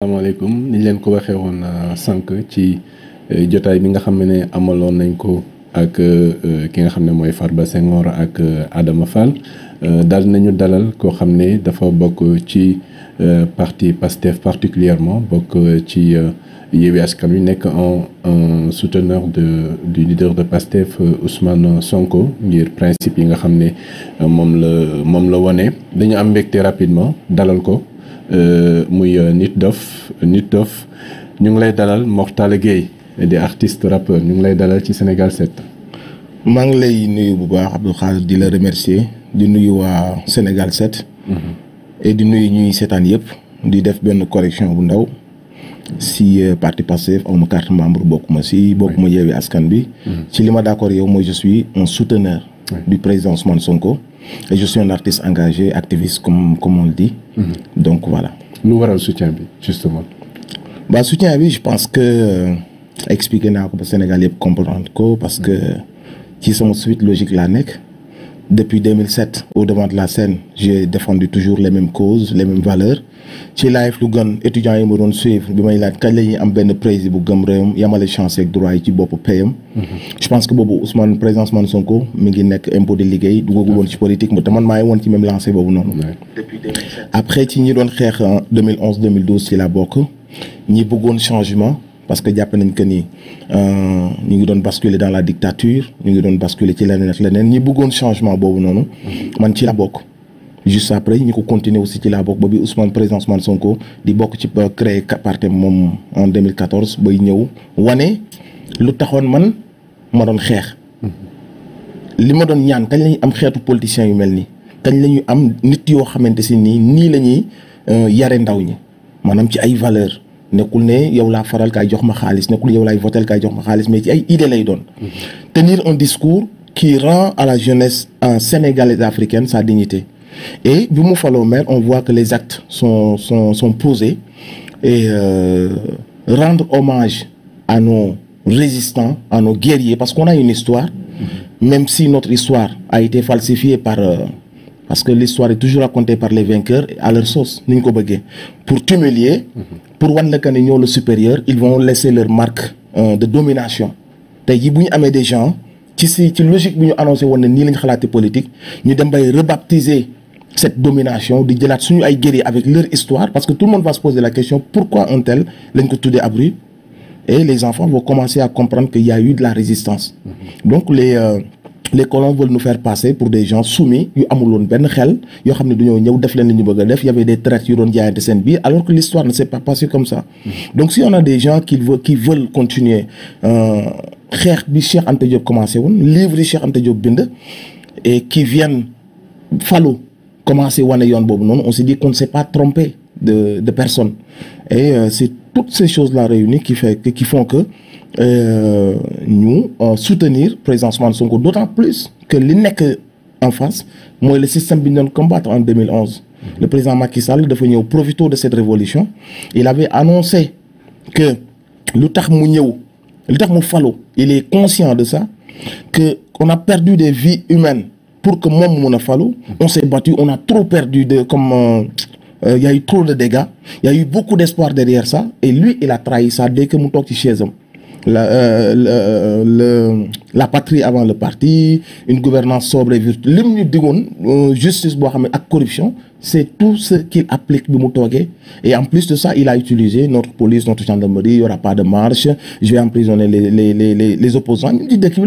asalaamaaleykum ni leen ko waxee woon euh, sànq ci euh, jotaay bi nga xam ne amaloon nañ ko ak euh, ki nga xam ne mooy far ba Senghor ak Adama Fall dal nañu dalal koo xam ne dafa bokk ci parti PASTEF particulièrement bokk ci Yewwi Askan Wi nekk en souteneur de du leader de PASTEF Ousmane Sonko ngir principe yi nga xam ne moom la moom la wone dañu am mbégte rapidement dalal ko Euh, muy euh, Nit Dof Nit Dof ñu ngi lay dalal Mortalla Gueye di artiste rappeur ñu ngi lay dalal ci Sénégal set maa ngi lay nuyu bu baax Abdou Khadre di la remercier di nuyu waa Sénégal set mm-hmm. et di nuyu ñuy seetaan yëpp di def benn correction bu ndaw si euh, parti Pastef aw ma carte membre bokk ma si bokkuma Yewwi Askan bi. ci mm-hmm. li ma d'accord yow mooy je suis un souteneur. du président Ousmane Sonko. et je suis un artiste engagé activiste comme comme on le dit. Mm -hmm. donc voilà. lu waral soutien bi justement. ba soutien bi je pense que euh, expliqué naa ko ba Sénégal yëpp comprendre ko parce que ci sama suite logique laa nekk. depuis 2007 au-devant de la scène j'ai défendu toujours les mêmes causes les mêmes valeurs ci life lu gën étudiants yi ma doon suivre bi may laaj kañ la ñuy am benn président bu gëm réewam yamale chance ak droit yi ci bopp payam mhm. je pense que boobu Ousmane président Ousmane Sonko mi ngi nekk impôt de liggéey duggagu woon ci politique mu te man maa ngi ci même lancé boobu noonu après ci ñi doon xeex 2011 2012 ci la bokk ñi bëggoon changement parce que jàpp nañ que ni euh, ñu ngi doon basculer dans la dictature ñu ngi doon basculer ci leneen ak leneen ñi bëggoon changement boobu noonu. man ci la bokk. juste après ñu ko continuer aussi ci la bokk ba bi Ousmane président Ousmane Sonko di bokk ci euh, créé parti moom en 2014 bay ñëw wane lu taxoon man ma doon xeex. li ma doon ñaan kañ la am xeetu politiciens yu mel nii kañ la am nit yoo xamante si nii nii lañuy ñuy euh, yare ndaw ñi maanaam ci ay valeur nekkul ne yow laa faral kaay jox ma xaalis nekkul yow laay votel kaay jox ma xaalis mais ci ay idée lay doon. Mhm. tenir un discours qui rend à la jeunesse sénégalaise africaine sa dignité et bi mu faloo maire on voit que les actes sont sont sont posés et euh, rendre hommage à nos résistants à nos guerriers parce qu'on a une histoire mhm. même si notre histoire a été falsifiée par euh, que l'histoire est toujours racontée par les vainqueurs à leur sauce ni ñu ko bëggee pour tumuler mhm. pour wan la que ne ñoo la supérieur ils vont laisser leur marque euh, de domination tey jii bu ñu amee des gens ci si ci logique bi ñu annoncé woon ne nii lañ xalaate politique ñu dem bay rebaptiser cette domination di jëlaat suñu ay guerriers avec leur histoire parce que tout le monde va se poser la question pourquoi un tel lañ ko tuddee abri et les enfants vont commencer à comprendre qu'il y a eu de la résistance mm-hmm. donc les euh, les colons veulent nous faire passer pour des gens soumis yu amuloon benn xel yoo xam ne dañoo ñëw def leen li ñu bëgg def ya avait des traites yu doon jaayante seen biir alors que l'histoire ne s'est pas passée comme ça mm-hmm. donc si on a des gens qui veulent qui continuer euh, xeex bi Cheikh Anta Diop commencé woon livre yi Cheikh Anta Diop bind et qui viennent falu commencé wane yoon boobu noonu on s'est dit qu'on ne s'est pas trompé de, de personnes. Et euh, c'est toutes ces choses-là réunies qui, fait, qui font que euh, ñu euh, soutenir président d'autant plus que li nekk en face mooy le système bi ñu doon combattre en 2011 le président Macky Sall dafa ñëw profito de cette révolution il avait annoncé que lu tax mu ñëw lu tax falu il est conscient de ça que on a perdu des vies humaines pour que moom mun a falu on s'est battu on a trop perdu de comme euh, Euh, il euh, trop de dégâts il y a eu beaucoup d'espoir derrière ça et lui il a trahi ça dès que mu toog ci chaise am la euh, le, patrie avant le parti une gouvernance sobre et vertueuse lim ñu digoon euh, justice boo xam ne ak corruption c'est tout ce qu'il applique bi mu toogee et en plus de ça il a utilisé notre police notre gendarmerie il y aura pas de marche je vais emprisonner les les opposants ñun ci dëkk bi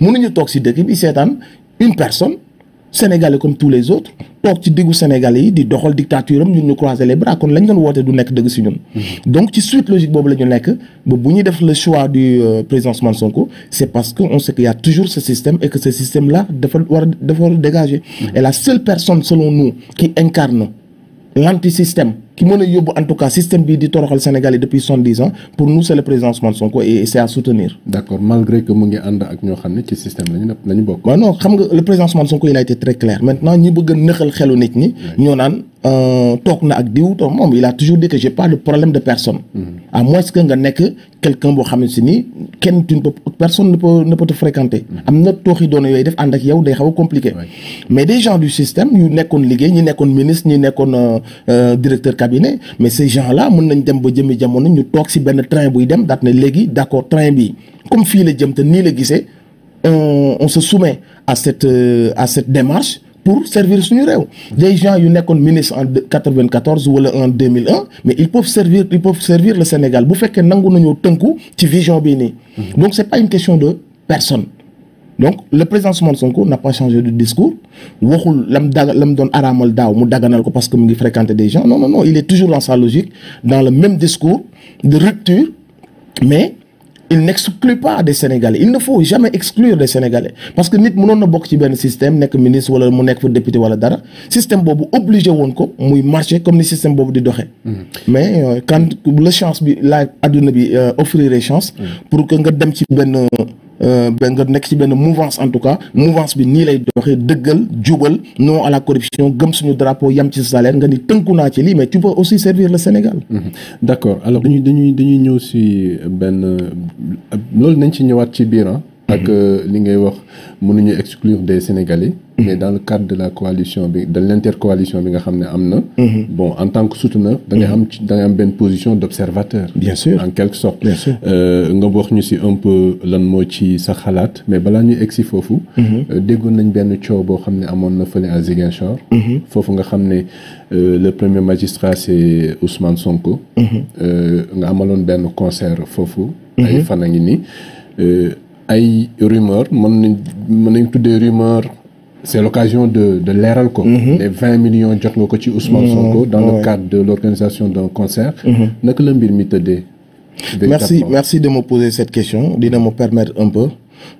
lañu dëkk une personne sénégalais comme tous les autres toog ci diggu sénégal yi di doxal dictature am ñun ñu croiser les bras kon lañ doon woote du nekk dëgg si ñun. Mhm. donc ci suite logique boobu la ñu nekk ba bu ñuy def le choix du euh, président Ousmane Sonko c' parce que on sait qu'il y toujours ce système et que ce système là dafa war dafa dégager. Mhm. et la seule personne selon nous qui incarne l'antisystème ki mën a yóbbu en tout cas système bi di toroxal Sénégal yi depuis soixante-dix ans pour nous c'est le président Ousmane Sonko et à soutenir. d'accord malgré que mu ngi ànd ak ñoo xam ne ci système lañu ne lañu bokk. xam nga le président Ousmane Sonko il a été très clair ñi bëgg nëxal xelu nit ñi. ñoo naan Euh, toog na ak diw toog moom il a toujours dit que j'ai pas de problème de personne. Mm-hmm. à moins que nga nekk quelqu'un boo xam ne si ni kenn tu ne peux personne ne peut ne peut te fréquenter. Mm-hmm. am na tooxi doona yooyu def ànd ak yow day xaw a mais des gens du nekkoon liggéey ñi nekkoon ministre ñi nekkoon euh, euh, directeur cabinet mais ces gens là mën nañ dem ba jëmi jamono ñu toog si benn train buy dem daat ne léegi d'accord train bi comme fii la jëm te nii la gisee on se soumet à cette à cette démarche. pour servir suñu réew des gens yu nekkoon ministre en 94 wala en 2001 mais ils peuvent servir ils peuvent servir le Sénégal bu fekkee nangu nañoo tënku ci vision bii nii donc c'est pas une question de personne donc le président n'a pas changé de discours waxul lam mu daganal ko parce que mu ngi fréquenter des gens non non non il est toujours dans sa logique dans le même discours de rupture mais il n'exclut pas des Sénégalais il ne faut jamais exclure des Sénégalais parce que nit mënoon na bokk ci benn système nekk ministre wala mu nekk fa député wala dara système boobu obligé woon ko muy marché comme ni système boobu di doxee. Mm. mais euh, quand la chance bi la adduna bi euh, offrir chance. Mm. pour que nga dem ci benn. Euh, ba nga nekk ci benn mouvance en tout cas mouvance bi nii lay doxee dëggal jubal non à la corruption gëm suñu drapeau yam ci sa salaire nga ni tënku naa ci lii mais tu peux aussi servir le Sénégal. Mhm. d'accord alors dañuy dañuy dañuy ñëw si benn loolu nañ ci ñëwaat ci biir ah. ak mhm. euh, li ngay wax mënuñu exclure des sénégalais. Mhm. mais dans le cadre de la coalition bi de l' intercoalition bi nga xam ne am na. Mhm. bon en tant que souteneur. da ngay am da ngay am benn position d' observateur. bien sûr en quelque sorte. bien sûr euh, nga wax ñu si un peu lan moo ci sa xalaat mais balaa ñuy egg si foofu. Euh, déggoon nañ benn coow boo xam ne amoon na fële à Ziguinchor. foofu nga xam ne le premier magistrat c' est Ousmane Sonko. nga amaloon benn concert foofu. ay fan a ngi nii. ay rumeur mën nañ mën nañ tuddee rumeur c'est l'occasion de de leeral ko mhm. les million jot jox nga ko ci Ousmane mhm. Sonko dans le cadre de l'organisation d'un concert mhm. naka la mbir mi tëddee merci merci de me poser cette question dina ma permettre un peu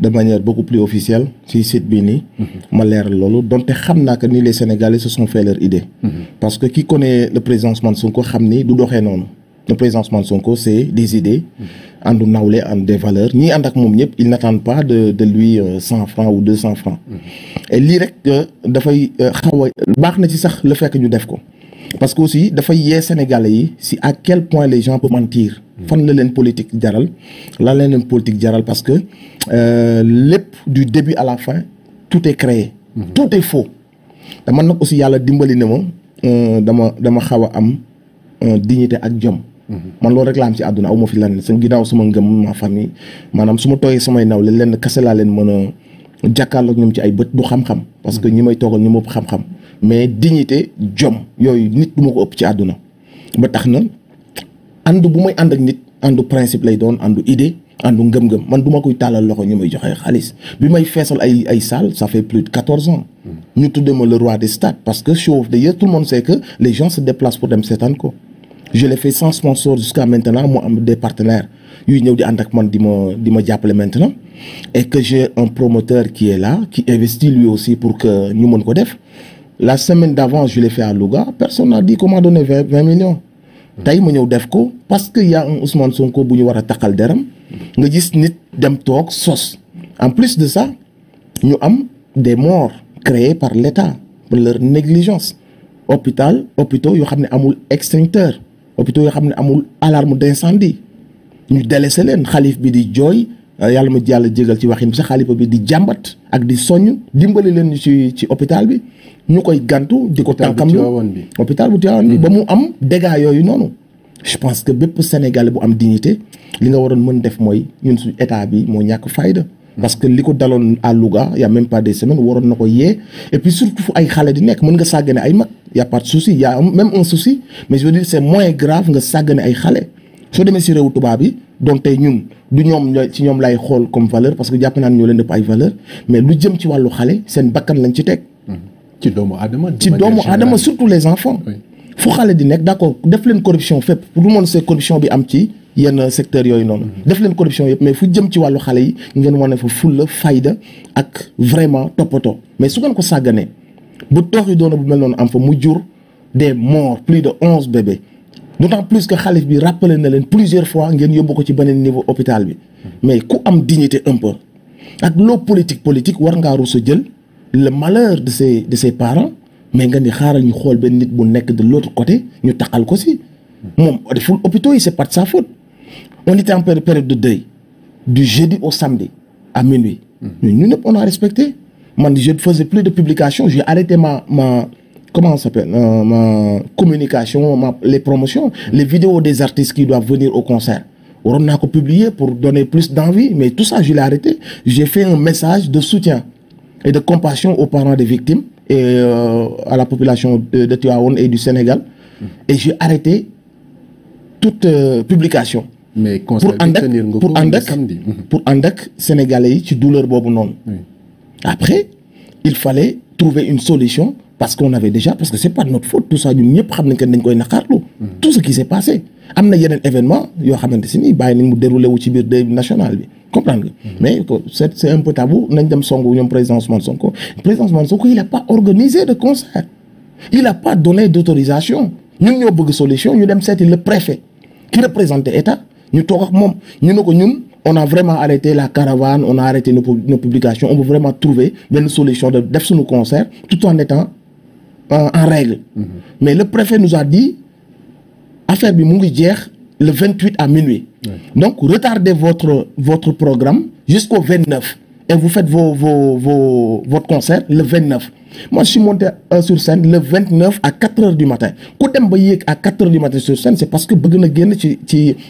de manière beaucoup plus officielle si site bii nii ma leeral loolu donte xam naa que ni les Sénégalais se sont fait leur idée parce que qui connaît le président Ousmane Sonko xam ni du doxee noonu le président Ousmane Sonko c'est des idées àndu nawle ànd des valeurs ñii ànd ak moom ñëpp ils n'attendent pas de de lui euh, cent francs ou deux cent francs et lii rek euh, dafay euh, xaw a baax na ci sax le fekk ñu def ko parce que aussi dafay yee Sénégalais yi si à quel point les gens peuvent mentir fan la leen politique jaral lan la leen politique jaral parce que lépp du début à la fin tout est créé tout est faux te man nag aussi yàlla dimbali na ma dama dama xaw a am dignité ak jom man loolu rek laa am ci àdduna aw ma fi lan seen ginnaaw sama ngëm ma famille maanaam su ma tooyee samay nawle lenn kese laa leen mën a jàkkaarloog ñoom ci ay bët du xam-xam que ñi may toogal ñu ma ëpp xam-xam mais dignité jom yooyu nit du ma ëpp ci àdduna ba tax na ànd bu may ànd ak nit àndu principe lay doon àndu idée àndu ngëm-ngëm man duma koy tàllal loxo ñu may joxee xaalis bi may feesal ay ay salle ça fait plus de quatorze ans mm. ñu tuddee ma le roi des stades parce que show of the year tout le monde sait que pour dem seetaan ko je l'ai fait sans sponsor jusqu'à maintenant mu am des partenaires yuy ñëw di ànd ak man di ma di ma jàppale maintenant et que j'ai un promoteur qui est la qui investit lui aussi pour que ñu mën ko def la semaine d'avant je l'ai fait à Louga personne n'a dit qu'on m'a donné vingt millions tey ma ñëw def ko parce que y un un Ousmane Sonko bu ñu war a taqal deram nga gis nit dem toog sos en plus de ça ñu am des morts créés par l'État pour leur négligence hôpital hôpitaux yoo xam ne amul extincteur hôpitaux yoo xam ne amul alarme d'incendie ñu délaissé leen xalif bi di jooy euh, yàlla ma jàll jégal ci waxin bi sa xalifa bi di jàmbat ak di soññ dimbali leen ci ci hôpital bi ñu koy gantu di ko tànkam lu hôpital bu Tivaouane bi ba mm-hmm. mu am dégâts yooyu noonu je pense que bépp Sénégalais bu am dignité li nga waroon mën def mooy ñun suñu état bi moo ñàkk fayda mm-hmm. parce que li ko daloon à Louga y a même pas waroon na ko yee et puis surtout fu ay xale di nekk mën nga sàggane ay mag y' a pas de souci y' même un souci mais je veux dire moins grave nga sàggane ay xale soo demee si réew tubaab yi doon tey ñun du ñoom ci ñoom lay xool comme valeur parce que jàpp naa ne ñoo leen dëpp ay valeur mais lu jëm ci wàllu xale seen bakkan lañ ci teg. ci doomu aadama ci doomu aadama surtout les enfants. fu xale di nekk d' accord def leen corruption fépp pour lu moon see corruption bi am ci yenn secteurs yooyu noonu. Mhm. def leen corruption yëpp mais fu jëm ci wàllu xale yi ngeen wane fa fulla fayda ak vraiment toppatoo mais su ngeen ko sàgganee. bu toox yi doona bu mel noonu am fa mu jur de morts plus de onze bébés d'autant plus que xalis bi rappelé na leen plusieurs fois ngeen yóbbu ko ci beneen niveau hôpital bi mais ku am dignité un peu ak loo politique politique war ngaa rusa jël le malheur de ses de mais nga ni xaaral ñu xool benn nit bu nekk de l'autre côté ñu taxal ko si moom deful hôpitaux yi c'est pas de sa faute on était en période de deuil du jeudi au samedi à minuit. Mm. ñun ñëpp on a respecté man je ne plus de publication j'ai arrêté ma ma comment ça s'appelle euh, ma communication ma les promotions les vidéos des artistes qui doivent venir au concert waroon naa ko publier pour donner plus d'envie mais tout ça je l'ai arrêté j'ai fait un message de soutien et de compassion aux parents des victimes et euh, à la population de, de Tivaouane et du Sénégal et j'ai arrêté toute euh, publication mais pour ànd ak pour ànd ak pour ànd ak sénégalais yi ci douleur boobu noonu Après, il fallait trouver une solution parce qu'on avait déjà parce que c'est pas notre faute tout ça ñun ñëpp xam nañ que dañ koy naqarlu mm. tout ce qui s'est passé am na yeneen événement yoo xamante si nii bàyyi nañ mu déroulé wu ci biir deuil mm-hmm. mais c'est un peu tabou nañ dem songu ñoom président Ousmane Sonko président Ousmane Sonko il a pas organisé de concert il a pas donné d'autorisation ñun ñoo bëgg solution ñu dem seeti le moom ñu ne ko ñun on a vraiment arrêté la caravane on a arrêté nos, benn solution de def suñu concert tout en étant euh, en, en mm-hmm. mais le préfet nous bi mu ngi jeex le 28 à minuit mm -hmm. donc retardez votre votre programme jusqu'au 29 e vous faites vos, vos, vos, votre concert le 29. Moi, je suis monté euh, sur scène le 29 à 4 heures du matin. Quand je à 4 heures du matin sur scène, c'est parce que ci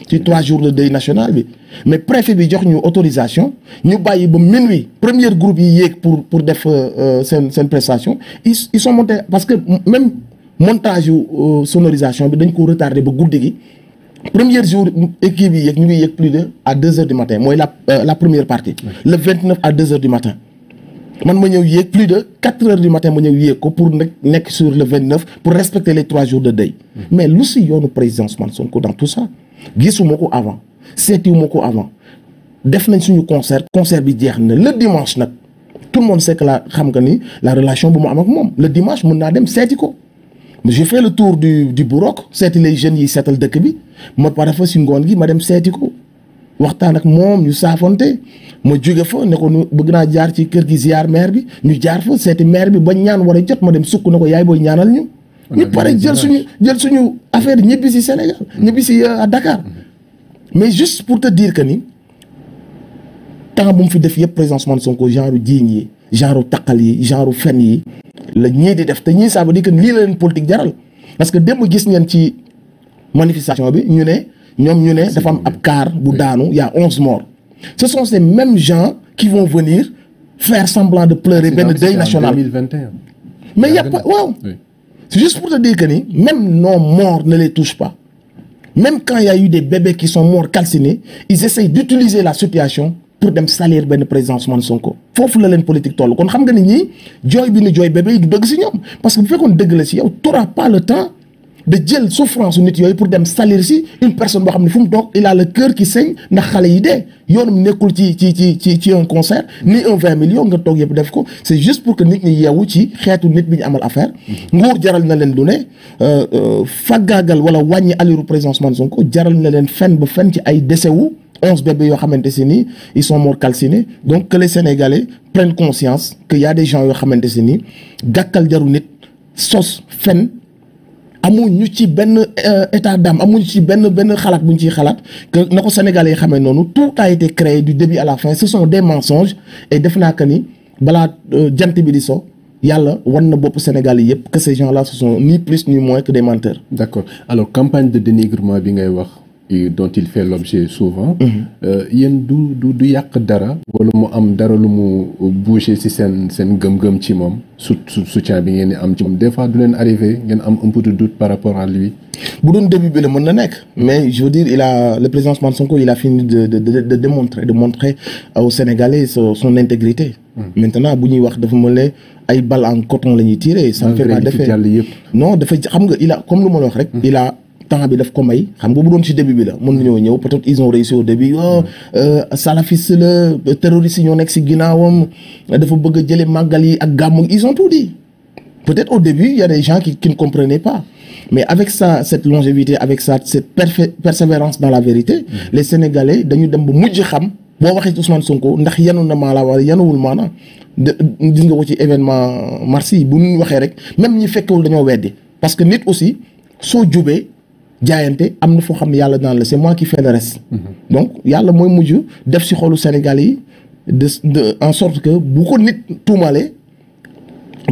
ci 3 jours de deuil bi Mais le préfet a donné une autorisation. Nous avons minuit. Premier groupe pour, pour faire euh, cette euh, prestation. Ils, ils sont montés parce que même montage ou sonorisation, ko ont ba guddi gi premier jour équipe yi yëg ñu ngi yëg plus de à deux du matin mooy la euh, la première partie le vingt neuf à deux du matin man ma ñëw yéeg plus de quatre heures du matin ma ñëw yéeg ko pour nag nekk su le vingt neuf pour respecter les trois jours de deuil mais lu si yoonu président Ousmane Sonko dans tout ça gisuma ko avant seetiwuma ko avant def nañ suñu concert concert bi jeex na la dimanche nag tout le monde sait la xam nga ni la relation bu mu am ak moom le dimanche mën naa dem seeti ko j'ai fait le tour du du Burok seeti les jeunes yi seetal dëkk bi ma pare fa si ngoon gi ma dem seeti ko waxtaan ak moom ñu saafonte ma juge fa ne ko bëgg naa jaar ci kër gi ziar maire bi ñu jaar fa seeti maire bi ba ñaan war a jot ma dem sukk na ko yaay booy ñaanal ñu. ñu pare jël suñu jël suñu affaire ñibbi si Sénégal. Mm-hmm. ñibbi si euh, à Dakar. Mm-hmm. mais juste pour te diir que ni temps bu mu fi def yëpp présentement Sonko genre jiiñ yi genre takkal yi genre fen yi. la ñii di def te ñii ça veut dire que lii la leen politique jaral parce que démb gis ngeen ci manifestation bi ñu ne ñoom ñu ne dafa ab car bu daanu y a onze morts ce sont ces mêmes gens qui vont venir faire semblant de pleurer benn deuil national 2021. mais y a waaw juste pour te dire que ni même nos morts ne les touchent pas même quand il y a eu des bébés qui sont morts calcinés ils essayent d'utiliser la situation pour dem salir benn président Ousmane Sonko foofu la leen politique toll kon xam nga ni ñii jooy bi ni jooy bébé yi du dëgg si ñoom parce que bu fekkoon dëgg la si yow t'auras pas le temps de jël souffrance nit yooyu pour dem salir si une personne boo xam ne fu mu toog il a le cœur qui ndax xale yi dee yoonum nekkul ci ci ci ci ci un concert ni un vingt millions nga toog yëpp def ko c'est juste pour que nit ñi yeewu ci xeetu nit bi ñu amal affaire nguur jaral na leen du ne euh, euh, faggaagal wala wàññi aliru président Ousmane Sonko jaral na leen fen ba fen ci ay décès wu onze bébés yoo xamante si ni ils sont morts calcinés donc que les Sénégalais prennent conscience que y a des yoo xamante si nii gàkkal jaru nit sos fen amuñu ci benn euh, état d'âme amuñu ci benn benn xalaat bu ñu ciy xalaat que na ko Sénégalais yi xamee noonu tout a été créé du début à la fin ce sont des mensonges et def naa que ni balaa euh, jant bi di so yàlla wan na bopp Sénégal yi yëpp que ces gens là ce sont ni plus ni moins que des menteurs. d'accord alors campagne de bi ngay wax. dont il fait l'objet souvent mm-hmm. euh, yéen du du yàq dara wala mu am dara lu mu bouger ci seen seen gëm-gëm ci moom su soutien bi ngeen di am ci moom des fois du leen arrivé ngeen am un peu de doute par rapport à lui bu doon début bi la mën na nekk mais je veux dire il a le président Ousmane Sonko il a fini de de de de démontrer de montrer son intégrité mm. maintenant bu ñuy wax dafa mel ne ay bal en coton la ñuy tiré ça fait pas d'effet non dafa xam nga il a comme lu ma la wax mm. temps bi daf ko may xam nga bu doon ci début bi la mën nañoo ñëw peut-être is ont réussi au début oh euh, salafiste la terroriste yi ñoo nekk ci ginnaawam dafa bëgg a jële màggal yi ak gàmmu ils ont tout dit peut-être au début il y ki des gens qui qui ne comprenaient pas mais avec ça cette longévité avec ça cette persévérance dans la vérité mm. les Sénégalais dañu dem bu mujj xam boo waxee ci Ousmane Sonko ndax yanu na maanaa wala yanuwul maanaa de gis nga ko ci événement mars yi bu ñu waxee rek même ñi fekkewul dañoo weddi parce que nit aussi soo jubee jaayante am na foo xam ne yàlla daan la c'est moi qui fais mm-hmm. donc yàlla mooy mujj def si xolu Sénégal yi de en sorte que bu ko nit tuumalee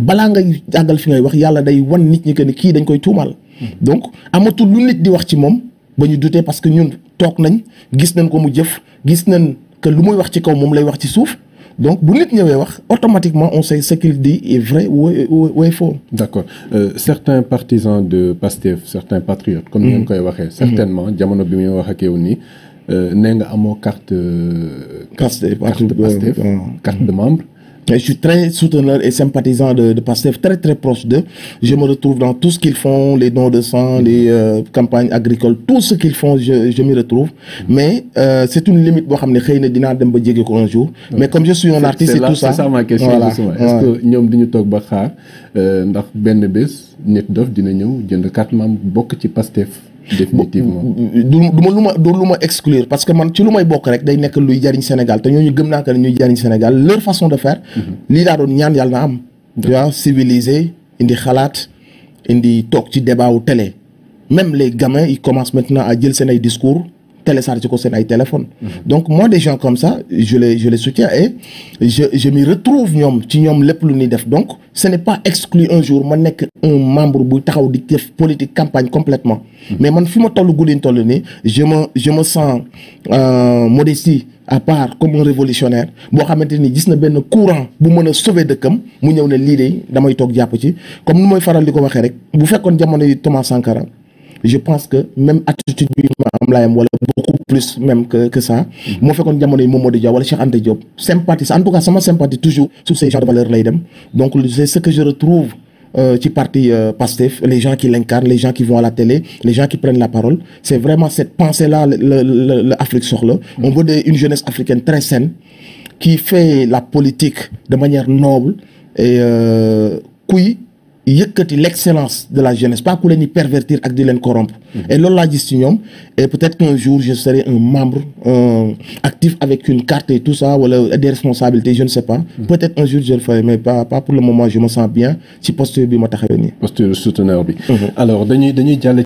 balaa ngay àggal fi ngay wax yàlla day wan nit ñi que ne kii dañ koy tuumaal. Mm-hmm. donc amatul lu nit di wax ci moom ba ñu dutee parce que ñun toog nañ gis nañ ko mu jëf gis nañ que lu muy wax ci kaw moom lay wax ci suuf. donc bu nit ñëwee wax automatiquement on sait ce qu'il dit est vrai ou est, ou est faux. d'accord euh, certains partisans de Pastef certains patriotes. comme ni nga mm. koy waxee. certainement jamono bi muy wax ak yow nii. Euh, nee nga amoo carte. Euh, carte de carte de membre. je suis très souteneur et sympathisant de, de PASTEF, très très proche d'eux. Je me retrouve dans tout ce qu'ils font, les dons de sang, mm-hmm. les euh, campagnes agricoles, tout ce qu'ils font, je, je retrouve. Mm-hmm. Mais euh, c'est une limite, un jour. Mais comme je suis un artiste, c'est tout ça. C'est ça ma question. Voilà. Est-ce ouais. que nous devons toog ba xaar euh, ndax benn bés nit dof dina ñëw jënd carte membre bokk ci PASTEF définitivement mm, mm, du ma lu ma du lu ma exclure parce que man ci lu may bokk rek day nekk luy jariñ Sénégal te ñu gëm naa que ñuy jariñ Sénégal leur façon de fair mm-hmm. lii daa doon ñaan yàlla na am. tu vois civilisé indi xalaat indi toog ci débat wu télé. même les gamins ils commencent maintenant à jël seen ay discours. télécharger ko seen ay téléphone donc moi de gens comme ça je les je les soutiens et je je retrouve ñoom ci ñoom lépp lu ñuy def donc ce n'est pas exclu un jour ma nekk un membre bu taxaw di def politique campagne complètement mais man fi ma toll guddin toll nii je me je me sens euh, modestie à part comme un révolutionnaire boo xamante ni gis na benn courant bu mën a sauver dëkkam mu ñëw ne lii de damay toog jàpp ci comme nu mooy faral di ko waxee rek bu fekkoon jamono yi Sankara je pense que même attitude bi Maam Laay am wala beaucoup plus même que ça mm-hmm. moo fekkoon jamono yi Mamadou Dia wala Cheikh Anta Diop sympathie en tout cas sama sympathie toujours sur ces genres de valeurs lay donc c'est ce que je retrouve euh, ci euh, parti euh, les gens qui l'incarnent les gens qui vont à la télé les gens qui prennent la parole c'est vraiment cette pensée-là la la Afrique soxla on mm-hmm. veut une jeunesse africaine très saine qui fait la politique de manière noble et euh, yëkkati l'excellence de la jeunesse pas ku leen di pervertir ak di leen corrompre mhm. et loolu laa gis ci ñoom qu'un jour je serai un membre euh, actif avec une carte et tout ça wala des responsabilités je ne sais pas mhm. peut un jour je le ferai mais pas pas pour le moment je me sens bien ci posture bi ma taxawee nii posture souteneur bi mhm. alors dañuy dañuy jàll